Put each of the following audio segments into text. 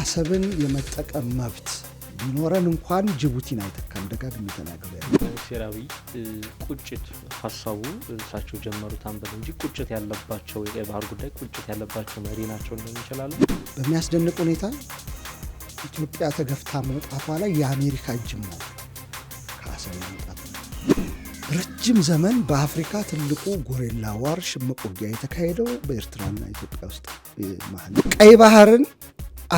አሰብን የመጠቀም መብት ቢኖረን እንኳን ጅቡቲን አይተካም። ደጋግሜ ተናግሬ ሴር አብይ ቁጭት ሀሳቡ እሳቸው ጀመሩት አንበል እንጂ ቁጭት ያለባቸው የቀይ ባህር ጉዳይ ቁጭት ያለባቸው መሪ ናቸው እንችላለን። በሚያስደንቅ ሁኔታ ኢትዮጵያ ተገፍታ መውጣቷ ላይ የአሜሪካ እጅም ነው። ከአሰብ መውጣት ረጅም ዘመን በአፍሪካ ትልቁ ጎሬላ ዋር ሽምቅ ውጊያ የተካሄደው በኤርትራና ኢትዮጵያ ውስጥ መሀል ቀይ ባህርን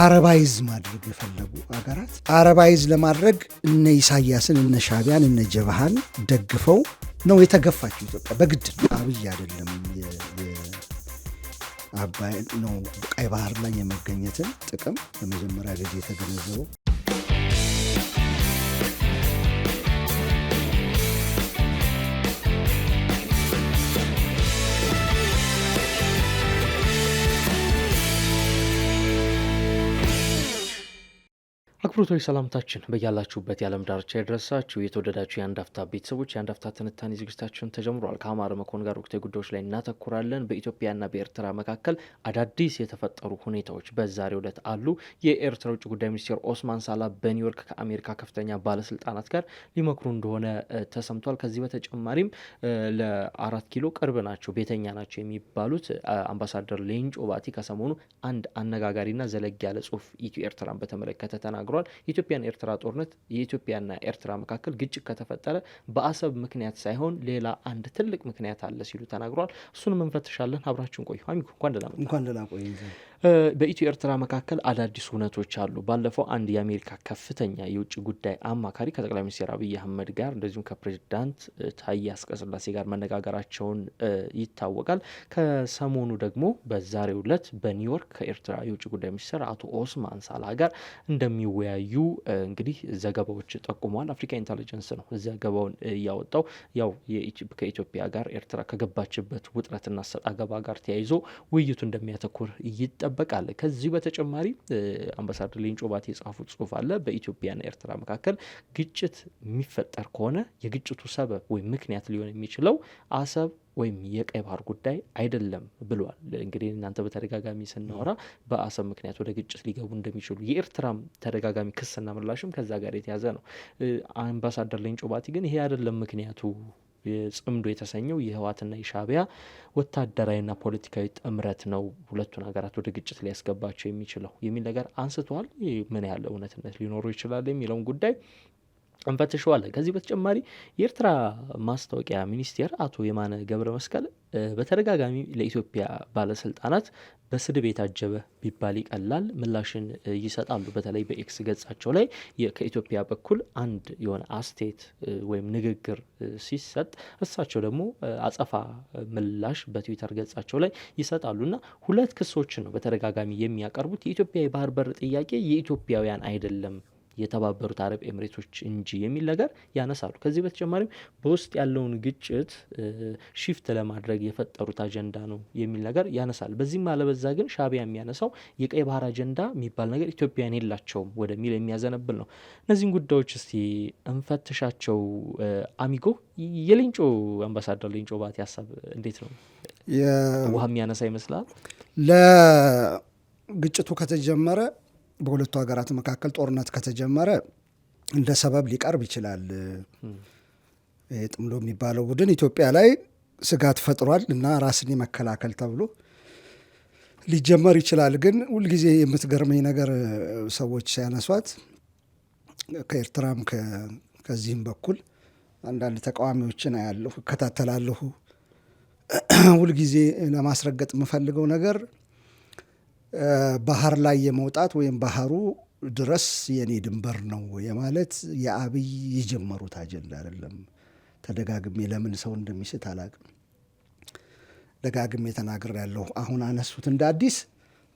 አረባይዝ ማድረግ የፈለጉ አገራት አረባይዝ ለማድረግ እነ ኢሳያስን እነ ሻቢያን እነ ጀባሃን ደግፈው ነው የተገፋችው ኢትዮጵያ በግድ ነው። አብይ አይደለም አባይ ነው ቀይ ባህር ላይ የመገኘትን ጥቅም በመጀመሪያ ጊዜ የተገነዘበው። አክብሮታዊ ሰላምታችን በያላችሁበት የዓለም ዳርቻ የደረሳችሁ የተወደዳችሁ የአንድ ቤተሰቦች የአንድ አፍታ ትንታኔ ዝግጅታችን ተጀምሯል። ከአማረ መኮን ጋር ወቅታዊ ጉዳዮች ላይ እናተኩራለን። በኢትዮጵያና በኤርትራ መካከል አዳዲስ የተፈጠሩ ሁኔታዎች በዛሬው ዕለት አሉ። የኤርትራ ውጭ ጉዳይ ሚኒስቴር ኦስማን ሳላ በኒውዮርክ ከአሜሪካ ከፍተኛ ባለስልጣናት ጋር ሊመክሩ እንደሆነ ተሰምቷል። ከዚህ በተጨማሪም ለአራት ኪሎ ቅርብ ናቸው ቤተኛ ናቸው የሚባሉት አምባሳደር ሌንጮ ባቲ ከሰሞኑ አንድ አነጋጋሪና ዘለግ ያለ ጽሁፍ ኢትዮ ኤርትራን በተመለከተ ተናግሯል። ተናግረዋል። የኢትዮጵያና ኤርትራ ጦርነት የኢትዮጵያና ኤርትራ መካከል ግጭት ከተፈጠረ በአሰብ ምክንያት ሳይሆን ሌላ አንድ ትልቅ ምክንያት አለ ሲሉ ተናግረዋል። እሱንም እንፈትሻለን። አብራችሁን ቆዩ። አሚኮ እንኳን ደህና እንኳን ደህና ቆዩ። በኢትዮ ኤርትራ መካከል አዳዲስ እውነቶች አሉ። ባለፈው አንድ የአሜሪካ ከፍተኛ የውጭ ጉዳይ አማካሪ ከጠቅላይ ሚኒስትር አብይ አህመድ ጋር እንደዚሁም ከፕሬዚዳንት ታዬ አጽቀሥላሴ ጋር መነጋገራቸውን ይታወቃል። ከሰሞኑ ደግሞ በዛሬው ዕለት በኒውዮርክ ከኤርትራ የውጭ ጉዳይ ሚኒስትር አቶ ኦስማን ሳላ ጋር እንደሚወያ የተለያዩ እንግዲህ ዘገባዎች ጠቁመዋል። አፍሪካ ኢንተሊጀንስ ነው ዘገባውን ያወጣው። ያው ከኢትዮጵያ ጋር ኤርትራ ከገባችበት ውጥረትና ሰጣ ጋር ተያይዞ ውይይቱ እንደሚያተኩር ይጠበቃል። ከዚህ በተጨማሪ አምባሳደር ሌንጮ ባት የጻፉት ጽሁፍ አለ። በኢትዮጵያና ኤርትራ መካከል ግጭት የሚፈጠር ከሆነ የግጭቱ ሰበብ ወይም ምክንያት ሊሆን የሚችለው አሰብ ወይም የቀይ ባህር ጉዳይ አይደለም ብሏል። እንግዲህ እናንተ በተደጋጋሚ ስናወራ በአሰብ ምክንያት ወደ ግጭት ሊገቡ እንደሚችሉ የኤርትራም ተደጋጋሚ ክስና ምላሽም ከዛ ጋር የተያዘ ነው። አምባሳደር ለኝ ባቲ ግን ይሄ አይደለም ምክንያቱ ጽምዶ የተሰኘው የሻቢያ ወታደራዊ ወታደራዊና ፖለቲካዊ ጥምረት ነው ሁለቱን ሀገራት ወደ ግጭት ሊያስገባቸው የሚችለው የሚል ነገር አንስተዋል። ምን ያለ እውነትነት ሊኖሩ ይችላል የሚለውን ጉዳይ እንፈትሸዋለን። ከዚህ በተጨማሪ የኤርትራ ማስታወቂያ ሚኒስቴር አቶ የማነ ገብረ መስቀል በተደጋጋሚ ለኢትዮጵያ ባለስልጣናት በስድብ የታጀበ ቢባል ይቀላል ምላሽን ይሰጣሉ። በተለይ በኤክስ ገጻቸው ላይ ከኢትዮጵያ በኩል አንድ የሆነ አስቴት ወይም ንግግር ሲሰጥ እሳቸው ደግሞ አጸፋ ምላሽ በትዊተር ገጻቸው ላይ ይሰጣሉ እና ሁለት ክሶችን ነው በተደጋጋሚ የሚያቀርቡት። የኢትዮጵያ የባህር በር ጥያቄ የኢትዮጵያውያን አይደለም የተባበሩት አረብ ኤምሬቶች እንጂ የሚል ነገር ያነሳሉ። ከዚህ በተጨማሪም በውስጥ ያለውን ግጭት ሽፍት ለማድረግ የፈጠሩት አጀንዳ ነው የሚል ነገር ያነሳል። በዚህም አለበዛ ግን ሻቢያ የሚያነሳው የቀይ ባህር አጀንዳ የሚባል ነገር ኢትዮጵያን የላቸውም ወደሚል የሚያዘነብል ነው። እነዚህን ጉዳዮች እስቲ እንፈትሻቸው። አሚጎ የሌንጮ አምባሳደር ሌንጮ ባት ያሳብ እንዴት ነው? ውሃ የሚያነሳ ይመስላል ለግጭቱ ከተጀመረ በሁለቱ ሀገራት መካከል ጦርነት ከተጀመረ እንደ ሰበብ ሊቀርብ ይችላል። ጥምሎ የሚባለው ቡድን ኢትዮጵያ ላይ ስጋት ፈጥሯል እና ራስን የመከላከል ተብሎ ሊጀመር ይችላል። ግን ሁልጊዜ የምትገርመኝ ነገር ሰዎች ሲያነሷት ከኤርትራም ከዚህም በኩል አንዳንድ ተቃዋሚዎችን አያለሁ፣ እከታተላለሁ። ሁልጊዜ ለማስረገጥ የምፈልገው ነገር ባህር ላይ የመውጣት ወይም ባህሩ ድረስ የኔ ድንበር ነው የማለት የአብይ የጀመሩት አጀንዳ አይደለም። ተደጋግሜ ለምን ሰው እንደሚስት አላቅም። ደጋግሜ ያለሁ አሁን አነሱት እንደ አዲስ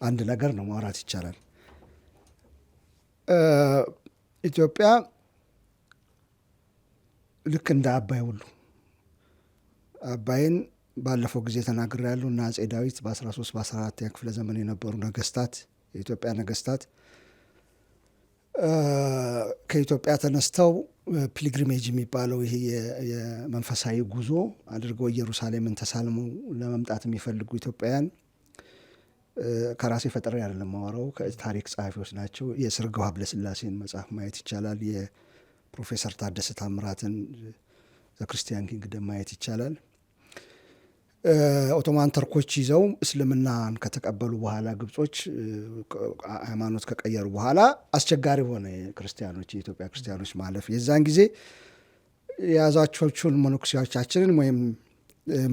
አንድ ነገር ነው ማውራት ይቻላል። ኢትዮጵያ ልክ እንደ አባይ ሁሉ አባይን ባለፈው ጊዜ ተናግር ያሉ እና አጼ ዳዊት በ13 በ14ኛ ክፍለ ዘመን የነበሩ ነገስታት የኢትዮጵያ ነገስታት ከኢትዮጵያ ተነስተው ፒልግሪሜጅ የሚባለው ይህ የመንፈሳዊ ጉዞ አድርገው ኢየሩሳሌምን ተሳልመው ለመምጣት የሚፈልጉ ኢትዮጵያውያን ከራሴ ፈጠራ አይደለም የማወራው፣ ከታሪክ ጸሐፊዎች ናቸው። የስርገው ሀብለስላሴን መጽሐፍ ማየት ይቻላል። የፕሮፌሰር ታደሰ ታምራትን ዘክርስቲያን ኪንግደም ማየት ይቻላል። ኦቶማን ተርኮች ይዘው እስልምናን ከተቀበሉ በኋላ ግብጾች ሃይማኖት ከቀየሩ በኋላ አስቸጋሪ ሆነ። ክርስቲያኖች የኢትዮጵያ ክርስቲያኖች ማለፍ የዛን ጊዜ የያዛቸውን መነኩሴዎቻችንን ወይም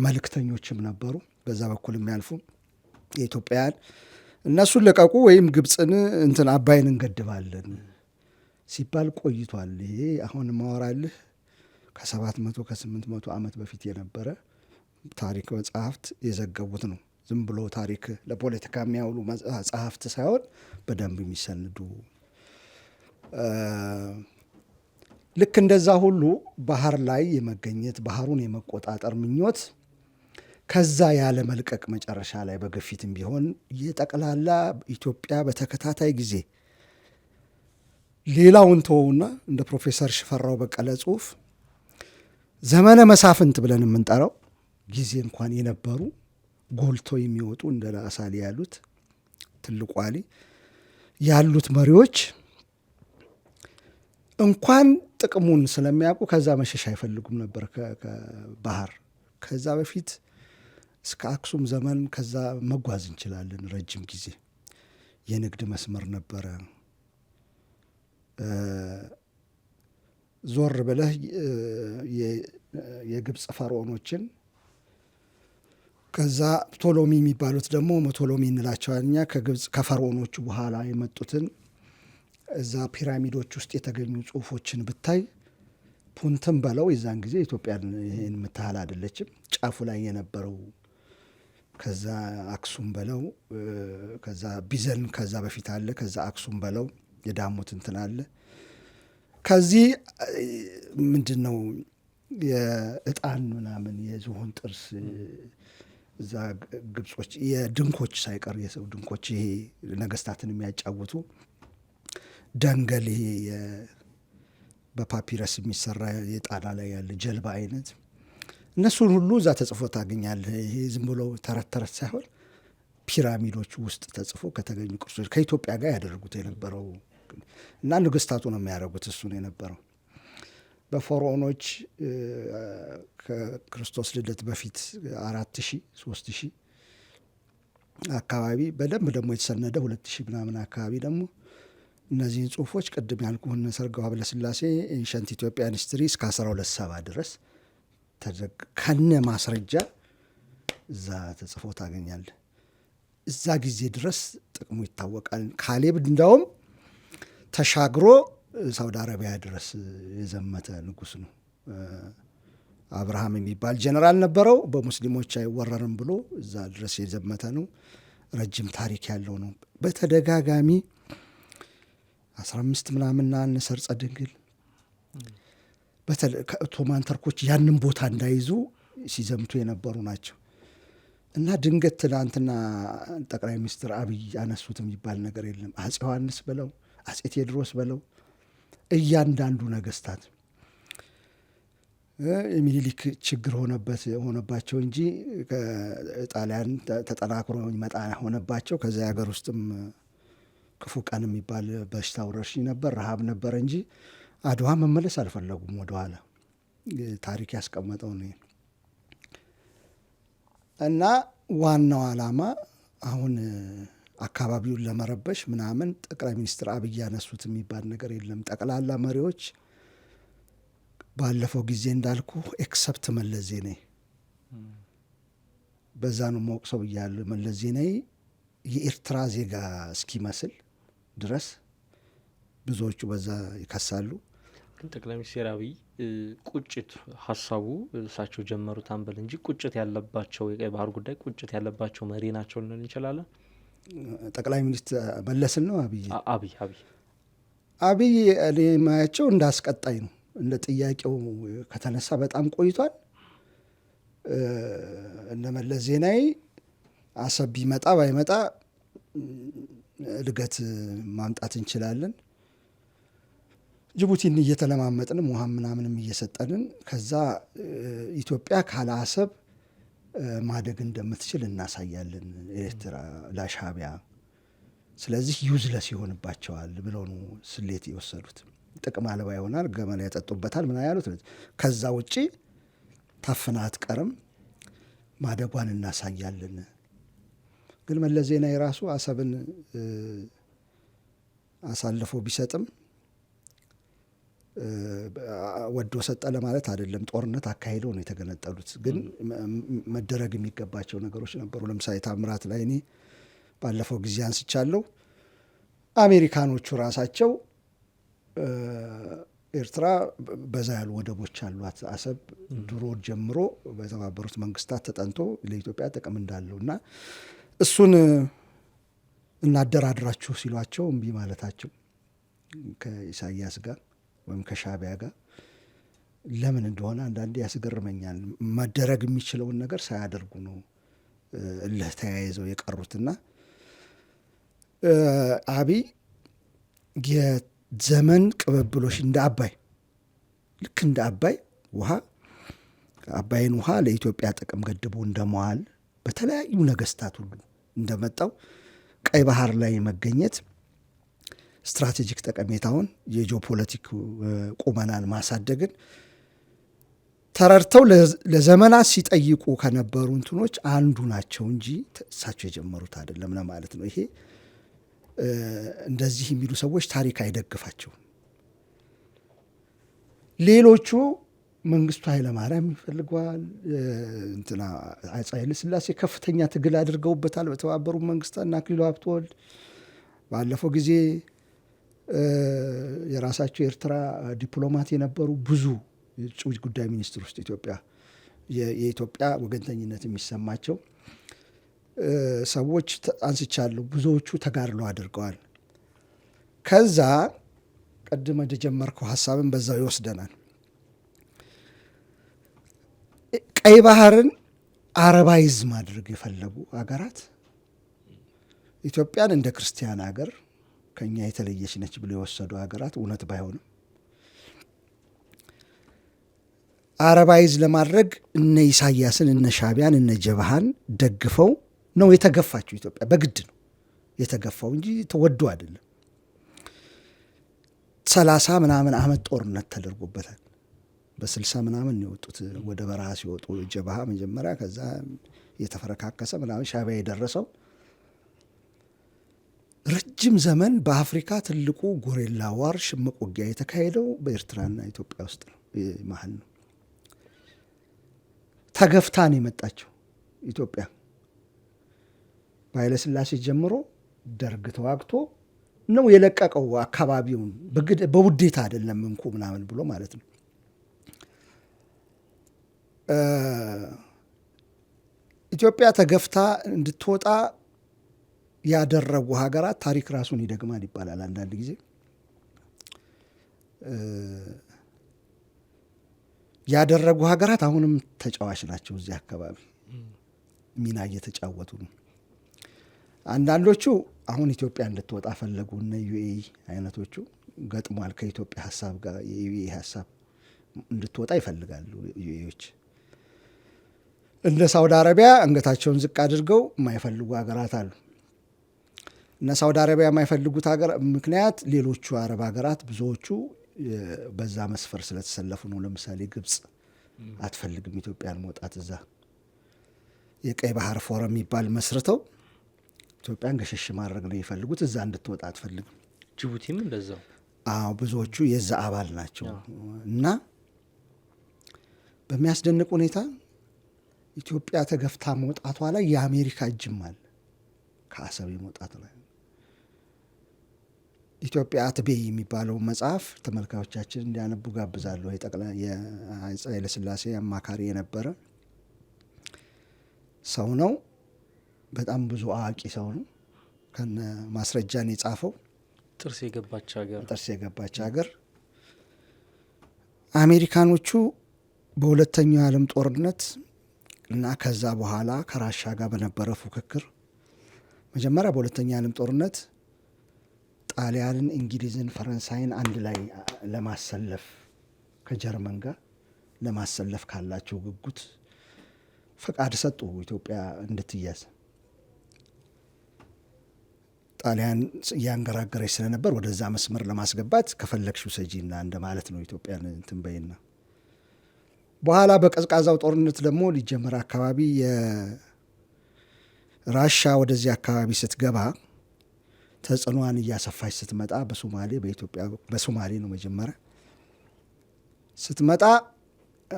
መልእክተኞችም ነበሩ በዛ በኩል የሚያልፉ የኢትዮጵያውያን እነሱን ለቀቁ ወይም ግብፅን እንትን አባይን እንገድባለን ሲባል ቆይቷል። ይሄ አሁን ማወራልህ ከሰባት መቶ ከስምንት መቶ ዓመት በፊት የነበረ ታሪክ መጽሐፍት የዘገቡት ነው። ዝም ብሎ ታሪክ ለፖለቲካ የሚያውሉ መጽሐፍት ሳይሆን በደንብ የሚሰንዱ ልክ እንደዛ ሁሉ ባህር ላይ የመገኘት ባህሩን የመቆጣጠር ምኞት ከዛ ያለ መልቀቅ መጨረሻ ላይ በግፊትም ቢሆን የጠቅላላ ኢትዮጵያ በተከታታይ ጊዜ ሌላውን ተወውና እንደ ፕሮፌሰር ሽፈራው በቀለ ጽሁፍ ዘመነ መሳፍንት ብለን የምንጠራው ጊዜ እንኳን የነበሩ ጎልተው የሚወጡ እንደ ራስ ያሉት ትልቁ አሊ ያሉት መሪዎች እንኳን ጥቅሙን ስለሚያውቁ ከዛ መሸሽ አይፈልጉም ነበር ከባህር። ከዛ በፊት እስከ አክሱም ዘመን ከዛ መጓዝ እንችላለን ረጅም ጊዜ። የንግድ መስመር ነበረ። ዞር ብለህ የግብፅ ፈርዖኖችን ከዛ ፕቶሎሚ የሚባሉት ደግሞ መቶሎሚ እንላቸዋል እኛ ከግብፅ ከፈርዖኖቹ በኋላ የመጡትን እዛ ፒራሚዶች ውስጥ የተገኙ ጽሁፎችን ብታይ ፑንትን በለው የዛን ጊዜ ኢትዮጵያ ይህን የምታህል አይደለችም። ጫፉ ላይ የነበረው ከዛ አክሱም በለው ከዛ ቢዘን ከዛ በፊት አለ ከዛ አክሱም በለው የዳሞት እንትን አለ ከዚህ ምንድን ነው የእጣን ምናምን የዝሆን ጥርስ እዛ ግብጾች የድንኮች ሳይቀር የሰው ድንኮች ይሄ ነገስታትን የሚያጫውቱ ደንገል ይሄ በፓፒረስ የሚሰራ የጣና ላይ ያለ ጀልባ አይነት እነሱን ሁሉ እዛ ተጽፎ ታገኛለህ። ይሄ ዝም ብሎ ተረት ተረት ሳይሆን ፒራሚዶች ውስጥ ተጽፎ ከተገኙ ቅርሶች ከኢትዮጵያ ጋር ያደረጉት የነበረው እና ንግስታቱ ነው የሚያደርጉት እሱን የነበረው በፈርዖኖች ከክርስቶስ ልደት በፊት አራት ሺ ሶስት ሺ አካባቢ በደንብ ደግሞ የተሰነደ ሁለት ሺ ምናምን አካባቢ ደግሞ እነዚህን ጽሁፎች ቅድም ያልኩህን ሰርገ ሀብለስላሴ ኤንሸንት ኢትዮጵያን ሂስትሪ እስከ አስራ ሁለት ሰባ ድረስ ከነ ማስረጃ እዛ ተጽፎ ታገኛለህ። እዛ ጊዜ ድረስ ጥቅሙ ይታወቃል። ካሌብ እንዳውም ተሻግሮ ሳውዲ አረቢያ ድረስ የዘመተ ንጉስ ነው። አብርሃም የሚባል ጀነራል ነበረው። በሙስሊሞች አይወረርም ብሎ እዛ ድረስ የዘመተ ነው። ረጅም ታሪክ ያለው ነው። በተደጋጋሚ 15 ምናምንና ሰርጸ ድንግል ኦቶማን ተርኮች ያንን ቦታ እንዳይዙ ሲዘምቱ የነበሩ ናቸው እና ድንገት ትናንትና ጠቅላይ ሚኒስትር አብይ ያነሱት የሚባል ነገር የለም። አጼ ዮሐንስ በለው አጼ ቴዎድሮስ በለው እያንዳንዱ ነገስታት የሚኒሊክ ችግር ሆነበት ሆነባቸው እንጂ ጣሊያን ተጠናክሮ ይመጣ ሆነባቸው። ከዚ ሀገር ውስጥም ክፉ ቀን የሚባል በሽታ ወረርሽኝ ነበር፣ ረሃብ ነበር እንጂ አድዋ መመለስ አልፈለጉም ወደኋላ ታሪክ ያስቀመጠው ነው እና ዋናው ዓላማ አሁን አካባቢውን ለመረበሽ ምናምን ጠቅላይ ሚኒስትር አብይ ያነሱት የሚባል ነገር የለም። ጠቅላላ መሪዎች ባለፈው ጊዜ እንዳልኩ ኤክሰፕት መለስ ዜናዊ በዛ ነው ሰው እያለ መለስ ዜናዊ የኤርትራ ዜጋ እስኪመስል ድረስ ብዙዎቹ በዛ ይከሳሉ። ጠቅላይ ሚኒስትር አብይ ቁጭት ሀሳቡ እሳቸው ጀመሩት አንበል እንጂ ቁጭት ያለባቸው የቀይ ባህር ጉዳይ ቁጭት ያለባቸው መሪ ናቸው ልንል እንችላለን። ጠቅላይ ሚኒስትር መለስን ነው አብይ አብይ አብይ አብይ እኔ ማያቸው እንዳስቀጣይ ነው እንደ ጥያቄው ከተነሳ በጣም ቆይቷል። እነ መለስ ዜናዊ አሰብ ቢመጣ ባይመጣ እድገት ማምጣት እንችላለን። ጅቡቲን እየተለማመጥንም ውሃ ምናምንም እየሰጠንን ከዛ ኢትዮጵያ ካለ አሰብ ማደግ እንደምትችል እናሳያለን ኤርትራ ለሻዕቢያ። ስለዚህ ዩዝለስ ይሆንባቸዋል ብለው ነው ስሌት የወሰዱት። ጥቅም አልባ ይሆናል። ገመና ያጠጡበታል ምና ያሉት ከዛ ውጪ ታፍና አትቀርም፣ ማደጓን እናሳያለን። ግን መለስ ዜናዊ ራሱ አሰብን አሳልፎ ቢሰጥም ወዶ ሰጠ ለማለት አይደለም። ጦርነት አካሄደው ነው የተገነጠሉት። ግን መደረግ የሚገባቸው ነገሮች ነበሩ። ለምሳሌ ታምራት ላይ እኔ ባለፈው ጊዜ አንስቻለሁ። አሜሪካኖቹ ራሳቸው ኤርትራ በዛ ያሉ ወደቦች አሏት። አሰብ ድሮ ጀምሮ በተባበሩት መንግስታት ተጠንቶ ለኢትዮጵያ ጥቅም እንዳለው እና እሱን እናደራድራችሁ ሲሏቸው እምቢ ማለታቸው ከኢሳያስ ጋር ወይም ከሻቢያ ጋር ለምን እንደሆነ አንዳንዴ ያስገርመኛል። መደረግ የሚችለውን ነገር ሳያደርጉ ነው እልህ ተያይዘው የቀሩትና አብይ ዘመን ብሎሽ እንደ አባይ ልክ እንደ አባይ ውሃ አባይን ውሃ ለኢትዮጵያ ጥቅም ገድቦ እንደመዋል በተለያዩ ነገስታት ሁሉ እንደመጣው ቀይ ባህር ላይ መገኘት ስትራቴጂክ ጠቀሜታውን የጂኦፖለቲክ ቁመናን ማሳደግን ተረድተው ለዘመናት ሲጠይቁ ከነበሩ እንትኖች አንዱ ናቸው እንጂ እሳቸው የጀመሩት አይደለም ለማለት ነው ይሄ እንደዚህ የሚሉ ሰዎች ታሪክ አይደግፋቸውም። ሌሎቹ መንግስቱ ኃይለማርያም ይፈልገዋል፣ እንትና አፄ ኃይለሥላሴ ከፍተኛ ትግል አድርገውበታል በተባበሩ መንግስታት እና አክሊሉ ሀብተወልድ ባለፈው ጊዜ የራሳቸው የኤርትራ ዲፕሎማት የነበሩ ብዙ የውጭ ጉዳይ ሚኒስትር ውስጥ ኢትዮጵያ የኢትዮጵያ ወገንተኝነት የሚሰማቸው ሰዎች አንስቻለሁ። ብዙዎቹ ተጋድሎ አድርገዋል። ከዛ ቅድም እንደጀመርከው ሀሳብን በዛው ይወስደናል። ቀይ ባህርን አረባይዝ ማድረግ የፈለጉ አገራት ኢትዮጵያን እንደ ክርስቲያን ሀገር ከኛ የተለየች ነች ብሎ የወሰዱ ሀገራት እውነት ባይሆንም አረባይዝ ለማድረግ እነ ኢሳያስን እነ ሻቢያን እነ ጀብሃን ደግፈው ነው የተገፋችው ኢትዮጵያ። በግድ ነው የተገፋው እንጂ ተወዶ አይደለም። ሰላሳ ምናምን ዓመት ጦርነት ተደርጎበታል። በስልሳ ምናምን የወጡት ወደ በረሃ ሲወጡ ጀብሃ መጀመሪያ፣ ከዛ የተፈረካከሰ ምናምን ሻቢያ የደረሰው ረጅም ዘመን በአፍሪካ ትልቁ ጎሬላ ዋር ሽምቅ ውጊያ የተካሄደው በኤርትራና ኢትዮጵያ ውስጥ ነው መሀል ነው። ተገፍታን የመጣቸው ኢትዮጵያ። በኃይለስላሴ ጀምሮ ደርግ ተዋግቶ ነው የለቀቀው አካባቢውን በውዴታ አይደለም እንኩ ምናምን ብሎ ማለት ነው። ኢትዮጵያ ተገፍታ እንድትወጣ ያደረጉ ሀገራት ታሪክ ራሱን ይደግማል ይባላል። አንዳንድ ጊዜ ያደረጉ ሀገራት አሁንም ተጫዋች ናቸው። እዚህ አካባቢ ሚና እየተጫወቱ ነው። አንዳንዶቹ አሁን ኢትዮጵያ እንድትወጣ ፈለጉ። እነ ዩኤ አይነቶቹ ገጥሟል ከኢትዮጵያ ሀሳብ ጋር የዩኤ ሀሳብ እንድትወጣ ይፈልጋሉ። ዩኤዎች እንደ ሳውዲ አረቢያ አንገታቸውን ዝቅ አድርገው የማይፈልጉ ሀገራት አሉ። እነ ሳውዲ አረቢያ የማይፈልጉት ምክንያት ሌሎቹ አረብ ሀገራት ብዙዎቹ በዛ መስፈር ስለተሰለፉ ነው። ለምሳሌ ግብጽ አትፈልግም ኢትዮጵያን መውጣት። እዛ የቀይ ባህር ፎረም የሚባል መስርተው ኢትዮጵያን ገሸሽ ማድረግ ነው የሚፈልጉት። እዛ እንድትወጣ አትፈልግም። ጅቡቲም እንደዛው። አዎ ብዙዎቹ የዛ አባል ናቸው እና በሚያስደንቅ ሁኔታ ኢትዮጵያ ተገፍታ መውጣቷ ላይ የአሜሪካ እጅም አለ። ከአሰብ መውጣት ላይ ኢትዮጵያ አትቤ የሚባለው መጽሐፍ ተመልካዮቻችን እንዲያነቡ ጋብዛለሁ። የኃይለሥላሴ አማካሪ የነበረ ሰው ነው። በጣም ብዙ አዋቂ ሰው ነው። ከነ ማስረጃን የጻፈው ጥርስ የገባች ሀገር ጥርስ የገባች ሀገር አሜሪካኖቹ በሁለተኛው የዓለም ጦርነት እና ከዛ በኋላ ከራሻ ጋር በነበረ ፉክክር መጀመሪያ በሁለተኛ የዓለም ጦርነት ጣሊያንን፣ እንግሊዝን፣ ፈረንሳይን አንድ ላይ ለማሰለፍ ከጀርመን ጋር ለማሰለፍ ካላቸው ጉጉት ፈቃድ ሰጡ ኢትዮጵያ እንድትያዝ። ጣሊያን እያንገራገረች ስለነበር ወደዛ መስመር ለማስገባት ከፈለግሽ ውሰጂና እንደማለት ነው። ኢትዮጵያን እንትን በይና በኋላ በቀዝቃዛው ጦርነት ደግሞ ሊጀመር አካባቢ የራሻ ወደዚህ አካባቢ ስትገባ ተጽዕኖዋን እያሰፋች ስትመጣ በሶማሌ በኢትዮጵያ በሶማሌ ነው መጀመሪያ ስትመጣ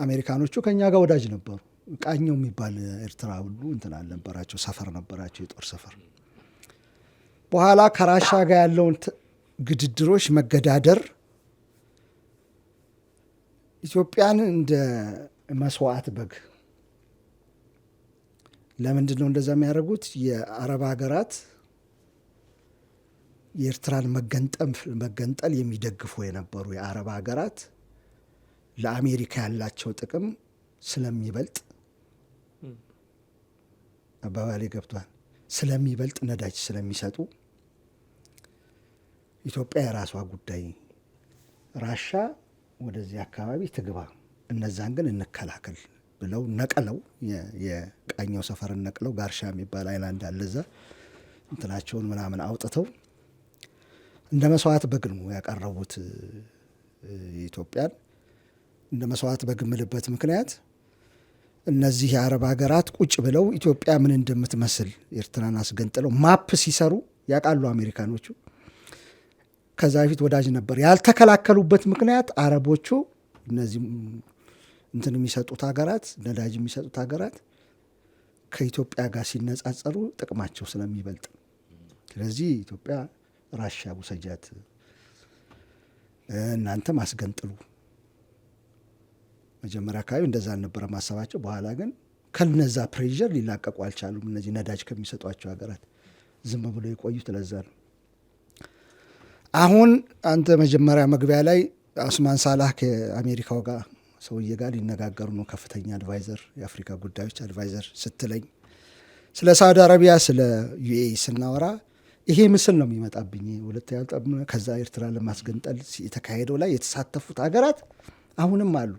አሜሪካኖቹ ከኛ ጋር ወዳጅ ነበሩ። ቃኘው የሚባል ኤርትራ ሁሉ እንትን አልነበራቸው፣ ሰፈር ነበራቸው፣ የጦር ሰፈር በኋላ ከራሻ ጋር ያለውን ግድድሮች መገዳደር ኢትዮጵያን እንደ መስዋዕት በግ ለምንድን ነው እንደዛ የሚያደርጉት? የአረብ ሀገራት የኤርትራን መገንጠል የሚደግፉ የነበሩ የአረብ ሀገራት ለአሜሪካ ያላቸው ጥቅም ስለሚበልጥ አባባሌ ገብቷል። ስለሚበልጥ ነዳጅ ስለሚሰጡ ኢትዮጵያ የራሷ ጉዳይ፣ ራሻ ወደዚህ አካባቢ ትግባ፣ እነዛን ግን እንከላከል ብለው ነቀለው፣ የቃኘው ሰፈርን ነቅለው ጋርሻ የሚባል አይላንድ አለ እዛ እንትናቸውን ምናምን አውጥተው እንደ መስዋዕት በግ ነው ያቀረቡት ኢትዮጵያን። እንደ መስዋዕት በግ ምልበት ምክንያት እነዚህ የአረብ ሀገራት ቁጭ ብለው ኢትዮጵያ ምን እንደምትመስል ኤርትራን አስገንጥለው ማፕ ሲሰሩ ያውቃሉ አሜሪካኖቹ። ከዛ በፊት ወዳጅ ነበር። ያልተከላከሉበት ምክንያት አረቦቹ እነዚህ እንትን የሚሰጡት ሀገራት ነዳጅ የሚሰጡት ሀገራት ከኢትዮጵያ ጋር ሲነጻጸሩ ጥቅማቸው ስለሚበልጥ፣ ስለዚህ ኢትዮጵያ ራሻ ውሰጃት፣ እናንተም አስገንጥሉ። መጀመሪያ አካባቢ እንደዛ አልነበረ ማሰባቸው። በኋላ ግን ከነዛ ፕሬዥር ሊላቀቁ አልቻሉም። እነዚህ ነዳጅ ከሚሰጧቸው ሀገራት ዝም ብሎ የቆዩት ለዛ ነው። አሁን አንተ መጀመሪያ መግቢያ ላይ አስማን ሳላህ ከአሜሪካው ጋር ሰውዬ ጋር ሊነጋገሩ ነው፣ ከፍተኛ አድቫይዘር የአፍሪካ ጉዳዮች አድቫይዘር ስትለኝ ስለ ሳውዲ አረቢያ ስለ ዩኤ ስናወራ ይሄ ምስል ነው የሚመጣብኝ። ሁለተኛ ከዛ ኤርትራ ለማስገንጠል የተካሄደው ላይ የተሳተፉት ሀገራት አሁንም አሉ።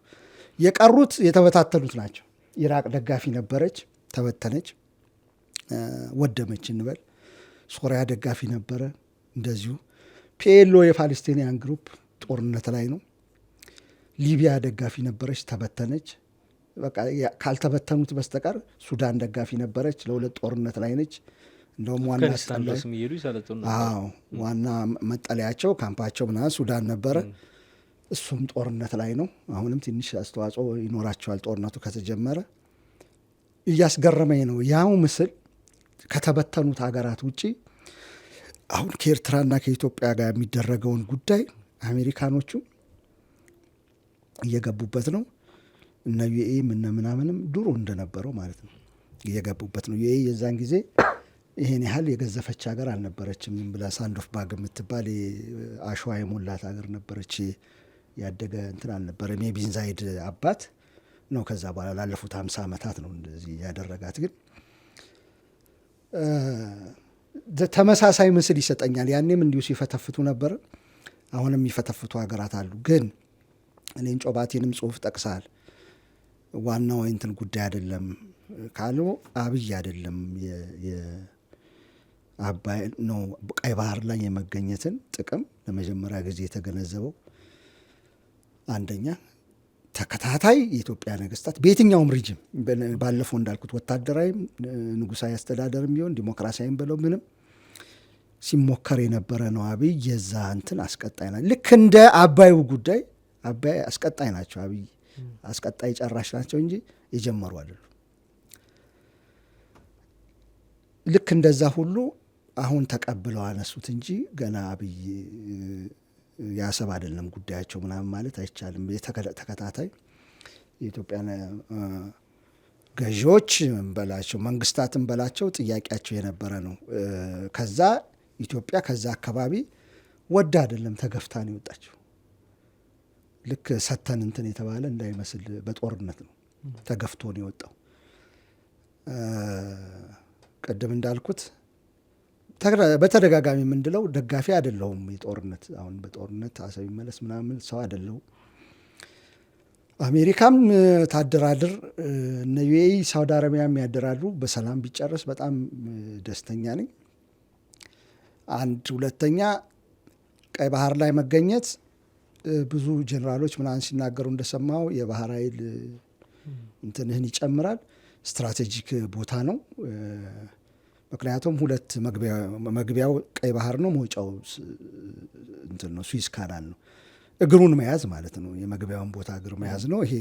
የቀሩት የተበታተኑት ናቸው። ኢራቅ ደጋፊ ነበረች፣ ተበተነች፣ ወደመች እንበል። ሶሪያ ደጋፊ ነበረ እንደዚሁ ፒኤሎ የፓሌስቲንያን ግሩፕ ጦርነት ላይ ነው። ሊቢያ ደጋፊ ነበረች፣ ተበተነች። ካልተበተኑት በስተቀር ሱዳን ደጋፊ ነበረች፣ ለሁለት ጦርነት ላይ ነች። እንደውም ዋና ዋና መጠለያቸው ካምፓቸው ምናምን ሱዳን ነበረ። እሱም ጦርነት ላይ ነው። አሁንም ትንሽ አስተዋጽኦ ይኖራቸዋል ጦርነቱ ከተጀመረ። እያስገረመኝ ነው ያው ምስል ከተበተኑት ሀገራት ውጪ አሁን ከኤርትራና ከኢትዮጵያ ጋር የሚደረገውን ጉዳይ አሜሪካኖቹ እየገቡበት ነው። እነ ዩኤም እነ ምናምንም ድሮ እንደነበረው ማለት ነው እየገቡበት ነው። ዩኤ የዛን ጊዜ ይሄን ያህል የገዘፈች ሀገር አልነበረችም። ብላ ሳንዶፍ ባግ የምትባል አሸዋ የሞላት ሀገር ነበረች። ያደገ እንትን አልነበረም። የቢንዛይድ አባት ነው። ከዛ በኋላ ላለፉት ሀምሳ ዓመታት ነው እንደዚህ ያደረጋት ግን ተመሳሳይ ምስል ይሰጠኛል። ያኔም እንዲሁ ሲፈተፍቱ ነበር፣ አሁንም የሚፈተፍቱ ሀገራት አሉ። ግን እኔን ጮባቴንም ጽሁፍ ጠቅሳል። ዋናው እንትን ጉዳይ አይደለም ካሉ አብይ አይደለም አባይ ነው ቀይ ባህር ላይ የመገኘትን ጥቅም ለመጀመሪያ ጊዜ የተገነዘበው አንደኛ ተከታታይ የኢትዮጵያ ነገስታት በየትኛውም ሪጅም ባለፈው እንዳልኩት ወታደራዊም ንጉሳዊ አስተዳደርም ቢሆን ዲሞክራሲያዊም ብለው ምንም ሲሞከር የነበረ ነው። አብይ የዛ እንትን አስቀጣይ ናቸው። ልክ እንደ አባዩ ጉዳይ አባይ አስቀጣይ ናቸው። አብይ አስቀጣይ ጨራሽ ናቸው እንጂ የጀመሩ አይደሉም። ልክ እንደዛ ሁሉ አሁን ተቀብለው አነሱት እንጂ ገና አብይ የአሰብ አይደለም ጉዳያቸው ምናምን ማለት አይቻልም። ተከታታይ የኢትዮጵያ ገዢዎች በላቸው መንግስታትን በላቸው ጥያቄያቸው የነበረ ነው። ከዛ ኢትዮጵያ ከዛ አካባቢ ወዳ አይደለም ተገፍታ ነው ልክ ሰተን እንትን የተባለ እንዳይመስል በጦርነት ነው ተገፍቶ ነው የወጣው። ቅድም እንዳልኩት በተደጋጋሚ የምንድለው ደጋፊ አይደለሁም። የጦርነት አሁን በጦርነት አሰብ ይመለስ ምናምን ሰው አይደለው። አሜሪካም ታደራድር እነ ዩኤኢ ሳውዲ አረቢያ ያደራሉ በሰላም ቢጨረስ በጣም ደስተኛ ነኝ። አንድ ሁለተኛ ቀይ ባህር ላይ መገኘት ብዙ ጀኔራሎች ምናምን ሲናገሩ እንደሰማው የባህር ኃይል እንትንህን ይጨምራል። ስትራቴጂክ ቦታ ነው። ምክንያቱም ሁለት መግቢያው ቀይ ባህር ነው፣ መውጫው እንትን ነው፣ ስዊዝ ካናል ነው። እግሩን መያዝ ማለት ነው። የመግቢያውን ቦታ እግር መያዝ ነው። ይሄ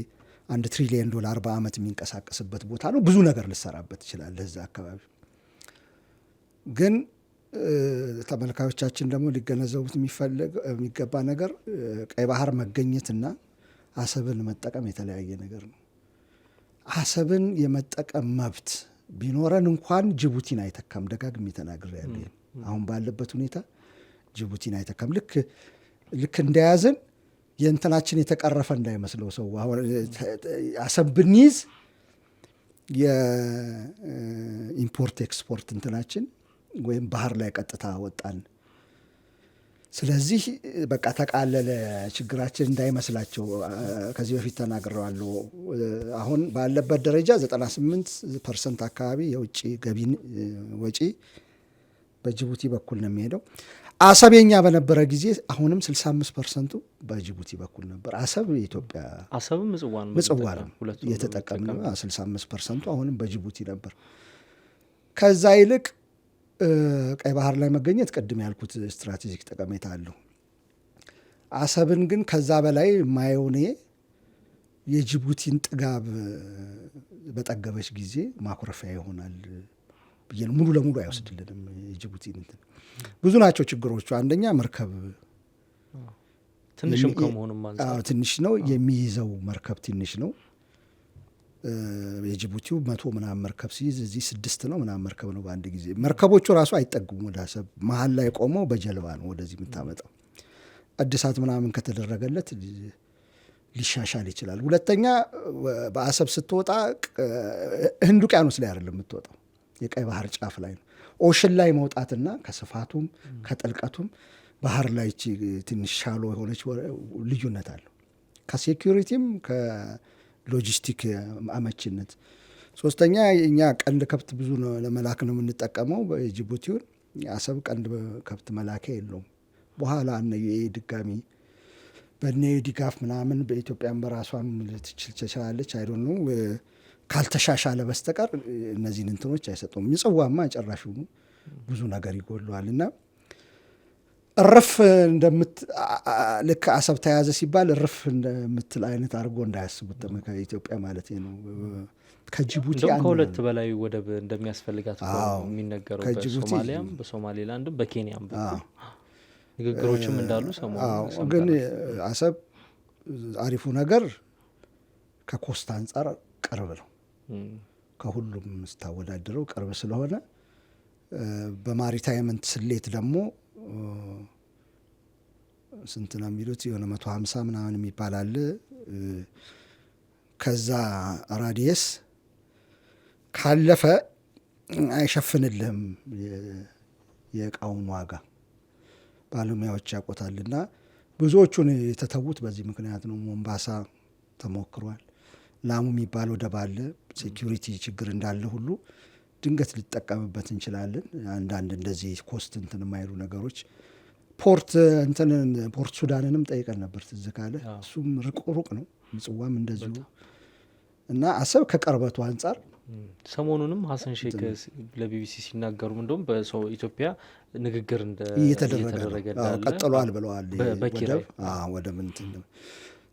አንድ ትሪሊየን ዶላር በዓመት የሚንቀሳቀስበት ቦታ ነው። ብዙ ነገር ልሰራበት ይችላል። እዛ አካባቢ። ግን ተመልካዮቻችን ደግሞ ሊገነዘቡት የሚገባ ነገር ቀይ ባህር መገኘትና አሰብን መጠቀም የተለያየ ነገር ነው። አሰብን የመጠቀም መብት ቢኖረን እንኳን ጅቡቲን አይተካም። ደጋግሜ ያለ አሁን ባለበት ሁኔታ ጅቡቲን አይተካም። ልክ ልክ እንደያዝን የእንትናችን የተቀረፈ እንዳይመስለው ሰው አሰብ ብንይዝ የኢምፖርት ኤክስፖርት እንትናችን ወይም ባህር ላይ ቀጥታ ወጣን ስለዚህ በቃ ተቃለለ ችግራችን እንዳይመስላቸው። ከዚህ በፊት ተናግረዋለሁ። አሁን ባለበት ደረጃ 98 ፐርሰንት አካባቢ የውጭ ገቢ ወጪ በጅቡቲ በኩል ነው የሚሄደው። አሰብ የኛ በነበረ ጊዜ አሁንም 65 ፐርሰንቱ በጅቡቲ በኩል ነበር። አሰብ የኢትዮጵያ ምጽዋ ነው የተጠቀምነው። 65 ፐርሰንቱ አሁንም በጅቡቲ ነበር። ከዛ ይልቅ ቀይ ባህር ላይ መገኘት ቅድም ያልኩት ስትራቴጂክ ጠቀሜታ አለው። አሰብን ግን ከዛ በላይ ማየውኔ የጅቡቲን ጥጋብ በጠገበች ጊዜ ማኩረፊያ ይሆናል ብዬ ነው። ሙሉ ለሙሉ አይወስድልንም የጅቡቲን እንትን። ብዙ ናቸው ችግሮቹ። አንደኛ መርከብ ትንሽ ነው የሚይዘው መርከብ ትንሽ ነው። የጅቡቲው መቶ ምናምን መርከብ ሲይዝ እዚህ ስድስት ነው ምናምን መርከብ ነው በአንድ ጊዜ። መርከቦቹ ራሱ አይጠጉም ወደ አሰብ፣ መሀል ላይ ቆመው በጀልባ ነው ወደዚህ የምታመጣው። እድሳት ምናምን ከተደረገለት ሊሻሻል ይችላል። ሁለተኛ በአሰብ ስትወጣ ህንድ ውቅያኖስ ላይ አይደለም የምትወጣው፣ የቀይ ባህር ጫፍ ላይ ነው። ኦሽን ላይ መውጣትና ከስፋቱም ከጥልቀቱም ባህር ላይ ትንሽ ሻሎ የሆነች ልዩነት አለው ከሴኪሪቲም ሎጂስቲክ አመቺነት። ሶስተኛ እኛ ቀንድ ከብት ብዙ ለመላክ ነው የምንጠቀመው። ጅቡቲውን አሰብ ቀንድ ከብት መላኪያ የለውም። በኋላ እነ ዩኤኢ ድጋሚ በነ ድጋፍ ምናምን በኢትዮጵያን በራሷን ልትችል ትችላለች። አይዶ ነው ካልተሻሻለ በስተቀር እነዚህን እንትኖች አይሰጡም። ምጽዋማ ጨራሹ ብዙ ነገር ይጎለዋል እና እርፍ እንደምት ልክ አሰብ ተያዘ ሲባል እርፍ እንደምትል አይነት አድርጎ እንዳያስቡት ከኢትዮጵያ ማለት ነው። ከጅቡቲ ከሁለት በላይ ወደብ እንደሚያስፈልጋት የሚነገረው በሶማሊያም በሶማሌላንድም በኬንያም ንግግሮችም እንዳሉ ሰሞኑን። ግን አሰብ አሪፉ ነገር ከኮስታ አንጻር ቅርብ ነው። ከሁሉም ስታወዳድረው ቅርብ ስለሆነ በማሪታይመንት ስሌት ደግሞ ስንት ነው የሚሉት የሆነ መቶ ሀምሳ ምናምን የሚባል አለ። ከዛ ራዲየስ ካለፈ አይሸፍንልህም የእቃውን ዋጋ ባለሙያዎች ያውቆታልና ብዙዎቹን የተተዉት በዚህ ምክንያት ነው። ሞምባሳ ተሞክሯል። ላሙ የሚባል ወደብ አለ። ሴኪሪቲ ችግር እንዳለ ሁሉ ድንገት ልጠቀምበት እንችላለን። አንዳንድ እንደዚህ ኮስት እንትን የማይሉ ነገሮች ፖርት እንትን ፖርት ሱዳንንም ጠይቀን ነበር ትዝ ካለ እሱም ርቁ ሩቅ ነው። ምጽዋም እንደዚሁ እና አሰብ ከቅርበቱ አንጻር ሰሞኑንም ሀሰን ሼክ ለቢቢሲ ሲናገሩም እንደውም በኢትዮጵያ ንግግር እየተደረገ ቀጥሏል ብለዋል። ወደብ ምንትን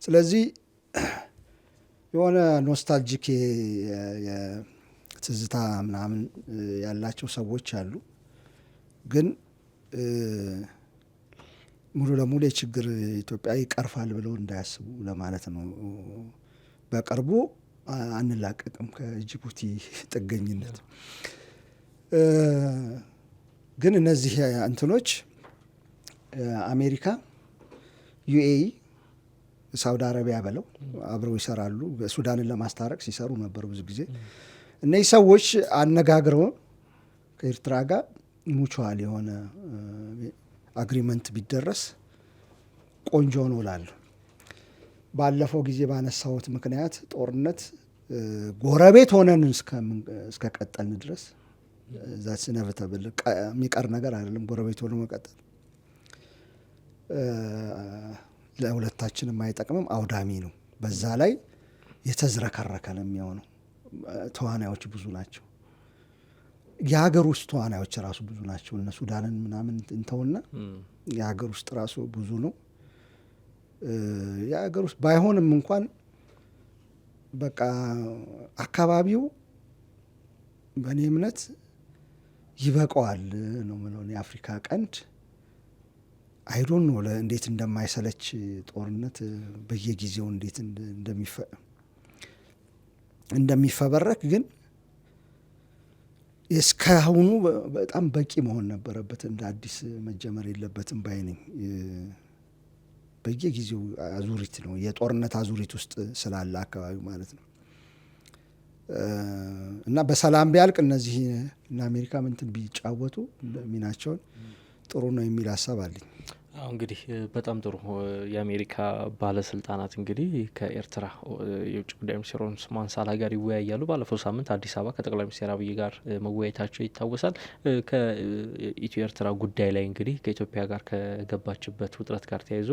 ስለዚህ የሆነ ኖስታልጂክ ትዝታ ምናምን ያላቸው ሰዎች አሉ። ግን ሙሉ ለሙሉ የችግር ኢትዮጵያ ይቀርፋል ብለው እንዳያስቡ ለማለት ነው። በቅርቡ አንላቀቅም ከጅቡቲ ጥገኝነት። ግን እነዚህ እንትኖች አሜሪካ፣ ዩኤኢ፣ ሳውዲ አረቢያ በለው አብረው ይሰራሉ። ሱዳንን ለማስታረቅ ሲሰሩ ነበር ብዙ ጊዜ እነዚህ ሰዎች አነጋግረው ከኤርትራ ጋር ሙቹዋል የሆነ አግሪመንት ቢደረስ ቆንጆ ነው እላለሁ። ባለፈው ጊዜ ባነሳሁት ምክንያት ጦርነት ጎረቤት ሆነን እስከ ቀጠልን ድረስ ዛት ነፍተብል የሚቀር ነገር አይደለም። ጎረቤት ሆኖ መቀጠል ለሁለታችንም አይጠቅምም፣ አውዳሚ ነው። በዛ ላይ የተዝረከረከ ነው የሚሆነው። ተዋናዮች ብዙ ናቸው። የሀገር ውስጥ ተዋናዮች ራሱ ብዙ ናቸው። እነ ሱዳንን ምናምን እንተውና የሀገር ውስጥ ራሱ ብዙ ነው። የሀገር ውስጥ ባይሆንም እንኳን በቃ አካባቢው በእኔ እምነት ይበቀዋል ነው ምለው። የአፍሪካ ቀንድ አይዶን ነው እንዴት እንደማይሰለች ጦርነት በየጊዜው እንዴት እንደሚፈ እንደሚፈበረክ ግን እስካሁኑ በጣም በቂ መሆን ነበረበት። እንደ አዲስ መጀመር የለበትም ባይ ነኝ። በየጊዜው አዙሪት ነው፣ የጦርነት አዙሪት ውስጥ ስላለ አካባቢ ማለት ነው። እና በሰላም ቢያልቅ እነዚህ እና አሜሪካ ምንትን ቢጫወቱ ሚናቸውን ጥሩ ነው የሚል ሀሳብ አለኝ። አሁ እንግዲህ በጣም ጥሩ የአሜሪካ ባለስልጣናት እንግዲህ ከኤርትራ የውጭ ጉዳይ ሚኒስትር ሆርስ ማንሳላ ጋር ይወያያሉ። ባለፈው ሳምንት አዲስ አበባ ከጠቅላይ ሚኒስትር አብይ ጋር መወያየታቸው ይታወሳል። ከኢትዮ ኤርትራ ጉዳይ ላይ እንግዲህ ከኢትዮጵያ ጋር ከገባችበት ውጥረት ጋር ተያይዞ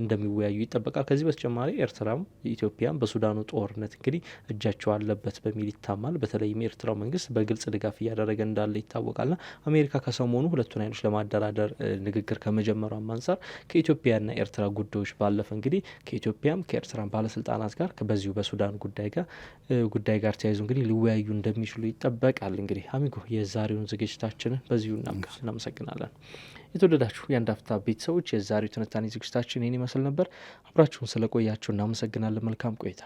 እንደሚወያዩ ይጠበቃል። ከዚህ በተጨማሪ ኤርትራም ኢትዮጵያም በሱዳኑ ጦርነት እንግዲህ እጃቸው አለበት በሚል ይታማል። በተለይም የኤርትራው መንግስት በግልጽ ድጋፍ እያደረገ እንዳለ ይታወቃልና አሜሪካ ከሰሞኑ ሁለቱን አይኖች ለማደራደር ንግግር ከመጀመሯ አንጻር ከኢትዮጵያና ኤርትራ ጉዳዮች ባለፈ እንግዲህ ከኢትዮጵያም ከኤርትራ ባለስልጣናት ጋር በዚሁ በሱዳን ጉዳይ ጋር ጉዳይ ጋር ተያይዞ እንግዲህ ሊወያዩ እንደሚችሉ ይጠበቃል። እንግዲህ አሚጎ የዛሬውን ዝግጅታችንን በዚሁ እናብቃ። እናመሰግናለን። የተወደዳችሁ የአንድ አፍታ ቤተሰቦች የዛሬው ትንታኔ ዝግጅታችን ይህን ይመስል ነበር። አብራችሁን ስለቆያችሁ እናመሰግናለን። መልካም ቆይታ